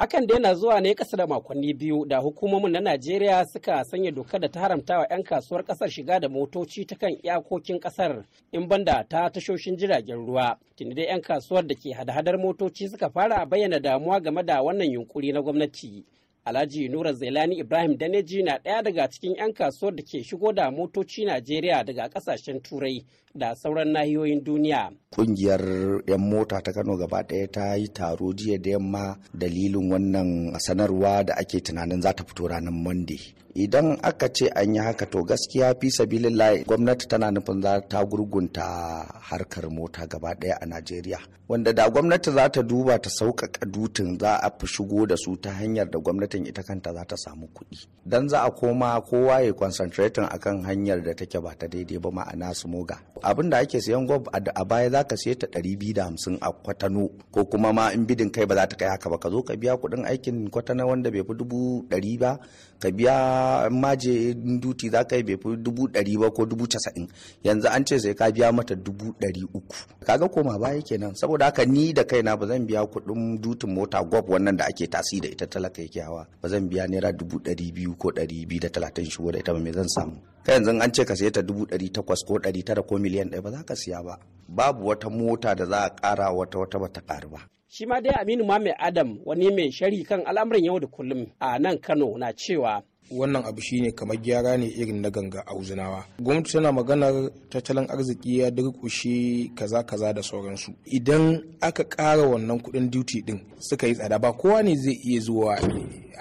Hakan da yana zuwa ne kasa da makonni biyu da hukumomin na Najeriya suka sanya dokar da ta haramta wa 'yan kasuwar kasar shiga da motoci ta kan iyakokin kasar in banda ta tashoshin jiragen ruwa. Tunda dai 'yan kasuwar da ke hada-hadar motoci suka fara bayyana damuwa game da wannan yunkuri na gwamnati. Alhaji Nura Zailani Ibrahim Daneji na ɗaya daga cikin 'yan kasuwar da ke shigo da motoci Najeriya daga ƙasashen Turai da sauran nahiyoyin duniya. Ƙungiyar 'yan mota ta Kano gaba ɗaya ta yi taro jiya da yamma dalilin wannan sanarwa da ake tunanin za ta fito ranar Monday. Idan aka ce an yi haka to gaskiya fi sabilillahi gwamnati tana nufin za ta gurgunta harkar mota gaba ɗaya a Najeriya. Wanda da gwamnati za ta duba ta sauƙaƙa dutin za a fi shigo da su ta hanyar da gwamnati gwamnatin ita kanta za ta samu kuɗi dan za a koma kowa ya concentrating kan hanyar da take ba ta daidai ba ma'ana su moga abin da ake sayan gwab a baya za ka ta ɗari biyu da hamsin a kwatano ko kuma ma in bidin kai ba za ta kai haka ba ka zo ka biya kuɗin aikin kwatano wanda bai fi dubu ɗari ba ka biya maje duti za ka yi bai fi dubu ɗari ba ko dubu casa'in yanzu an ce sai ka biya mata dubu ɗari uku kaga koma baya kenan saboda haka ni da kaina ba zan biya kuɗin dutin mota gwab wannan da ake tasi da ita talaka yake hawa ba zan biya naira dubu ɗari biyu ko ɗari biyu da talatin shigo da ita ba me zan samu kai yanzu an ce ka saye ta dubu ɗari takwas ko ɗari tara ko miliyan ɗaya ba za ka siya ba babu wata mota da za a ƙara wata wata ba ta ƙaru ba. shi ma dai aminu mai adam wani mai shari kan al'amuran yau da kullum a nan kano na cewa wannan abu shine kamar gyara ne irin na ganga a uzunawa gwamnati tana maganar tattalin arziki ya durkushe kaza kaza da sauransu idan aka ƙara wannan kuɗin duty din suka yi tsada ba kowa ne zai iya zuwa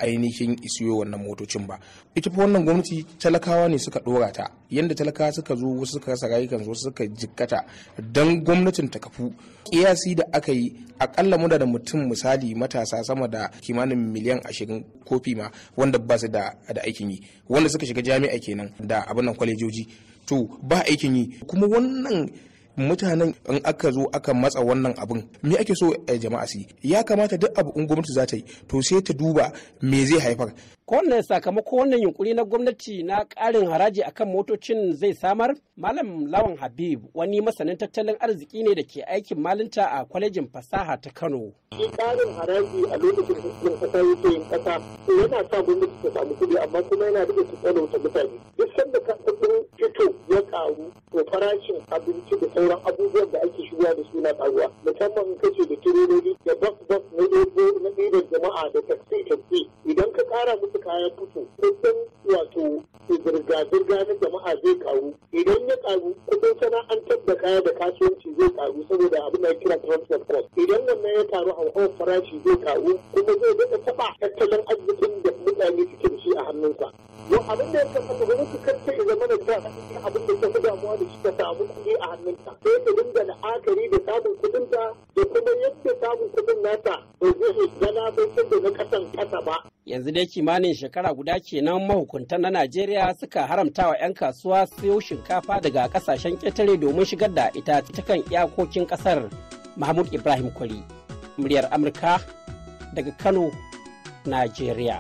ainihin isiyo wannan motocin ba ita fa wannan gwamnati talakawa ne suka ɗora ta yadda talaka suka zo wasu suka rasa su wasu suka jikkata don gwamnatin ta kafu kiyasi da aka yi akalla muna da mutum misali matasa sama da kimanin miliyan ashirin ko fima wanda ba su da aikin yi wanda suka shiga jami'a kenan da abin nan kwalejoji to ba aikin yi kuma wannan mutanen in aka zo aka matsa wannan abin me ake so eh, jama'a su ya kamata duk abu in gwamnati za ta yi to sai ta duba me zai haifar wannan sakamako wannan yunkuri na gwamnati na karin haraji akan motocin zai samar malam lawan habib wani masanin tattalin arziki ne da ke aikin malinta a kwalejin fasaha ta kano shi ƙarin haraji a lokacin da kasa yake yin kasa yana sa gwamnati ta samu kuɗi amma kuma yana da ta mutane sauran abubuwan da ake shigowa da suna karuwa musamman in kace da tireloli da bas bas na dogo na ɗiban jama'a da taxi taxi idan ka kara musu kayan fito kuɗin wato zirga zirga na jama'a zai karu idan ya karu kuɗin sana'antar da kaya da kasuwanci zai karu saboda abin da kira transport cost idan wannan ya karu hauhawar farashi zai karu kuma zai daɗa taɓa tattalin arzikin da mutane suke da shi a hannunsa. Yau abin da ya kamata gwamnati kar ta zama da abin da ta samu kuɗi a hannunta sai ta dinga la'akari da samun ta da kuma yadda samun kuɗin nata ba zai galabaitar da na ƙasan ƙasa ba. Yanzu dai kimanin shekara guda kenan mahukuntan na Najeriya suka haramta wa 'yan kasuwa siyo shinkafa daga kasashen ƙetare domin shigar da ita cikin iyakokin ƙasar. Mahmud Ibrahim Kwari, muryar Amurka daga Kano, Najeriya.